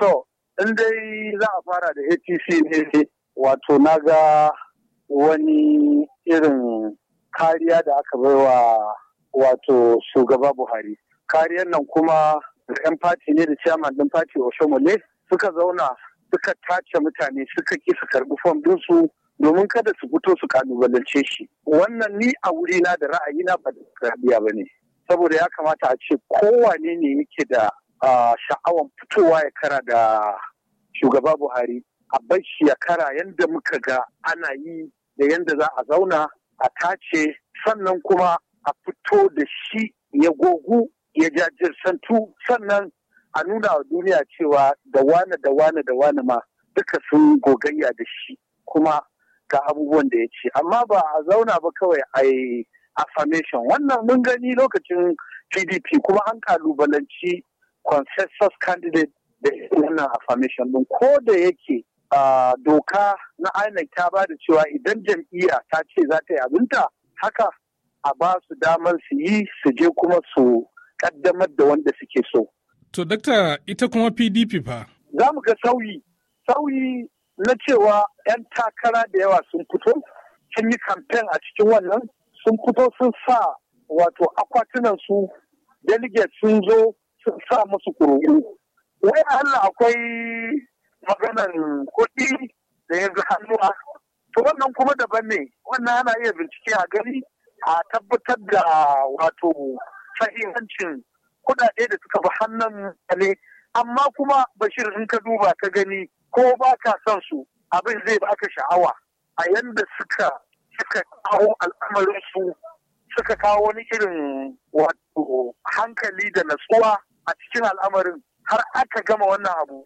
To, in dai za a fara da ATC ne wato na ga wani irin kariya da aka bai wa wato shugaba Buhari. Kariyar nan kuma yan fati ne da chairman ɗin fati Oshomole suka zauna suka tace mutane suka ki su karɓi fom su domin kada su fito su kalubalance shi. Wannan ni a wurina da ra'ayina ba da ba ne. Saboda ya kamata a ce kowane ne yake da A sha'awan fitowa ya kara da shugaba Buhari a shi ya kara yadda muka ga ana yi da yadda za a zauna a tace sannan kuma a fito da shi ya gogu ya jajirsantu sannan a nuna wa duniya cewa da wane da wane da wane ma duka sun gogayya da shi kuma ga abubuwan da ya ce amma ba a zauna ba kawai a affirmation wannan mun gani lokacin pdp kuma an kalubalanci consensus candidate da wannan affirmation din ko da yake doka na INEC ta ba da cewa idan jam'iyya ta ce za ta yi abinta haka a ba su damar su yi su je kuma su kaddamar da wanda suke so. To, dakta ita kuma PDP fa? Za mu ga sauyi, sauyi na cewa 'yan takara da yawa sun fito, sun yi kamfen a cikin wannan, sun fito sun sa wato akwatunan su delegate sun zo sa musu kurugu wai Allah akwai maganan kuɗi da ya ga hannuwa to wannan kuma daban ne wannan ana iya bincike a gani a tabbatar da wato sahihancin kuɗaɗe da suka fi hannun ne amma kuma bashir in ka duba ka gani ko ba ka son su abin zai ba baka sha'awa a yanda suka suka kawo al'amarin su suka kawo wani irin wato hankali da natsuwa a cikin al'amarin har aka gama wannan abu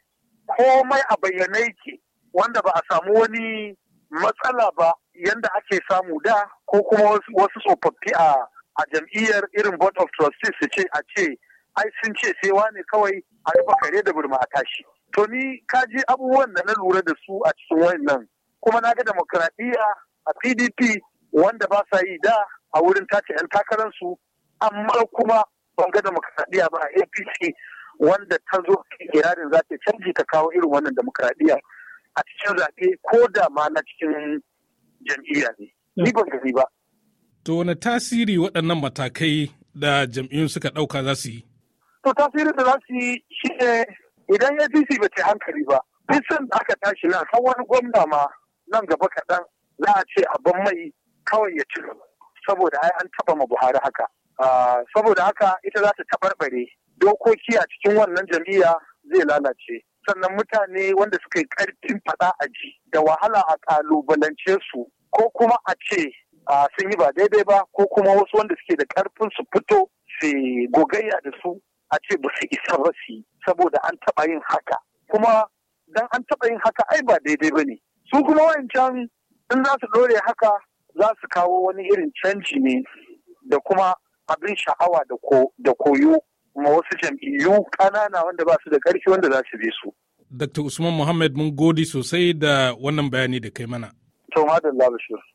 komai a bayyana yake wanda ba a samu wani matsala ba yanda ake samu da ko kuma wasu tsofaffi a a jam'iyyar irin board of trustees su ce a ce ai sun ce sai wani kawai a rufe kare da burma a tashi to ni ka ji abubuwan da na lura da su a cikin wannan kuma na ga demokradiyya a pdp wanda ba sa yi da a wurin tace 'yan takararsu amma kuma banga demokradiyya ba a apc wanda ta zo kirarin za ta canji ta kawo irin wannan demokradiyya a cikin zaɓe ko da ma na cikin jam'iyya ne ni ban gani ba to wani tasiri waɗannan matakai da jam'iyyun suka ɗauka za su yi to tasirin da za su yi shi ne idan apc ba ta hankali ba duk da aka tashi na har wani gwamna ma nan gaba kaɗan za a ce abin mai kawai ya ci saboda ai an taɓa ma buhari haka Ah, saboda haka ita za ta tabarbare, dokoki a cikin wannan jam'iyya zai lalace sannan mutane wanda suka yi ƙarfin faɗa a ji da wahala a ƙalubalance su ko kuma a ce ah, sun yi ba daidai ba ko kuma wasu wanda suke da ƙarfin su fito su gogayya da su a ce ba su isa ba su saboda an taɓa yin haka kuma dan an taba yin haka ai ba daidai ba ne su kuma wancan in za su ɗore haka za su kawo wani irin canji ne da kuma abin sha'awa da koyo ma wasu jam'iyyu ƙanana wanda ba su da ƙarfi wanda za su bi su. Dr. Usman Muhammad mun gode sosai da wannan bayani da kai mana. To, madalla bashir.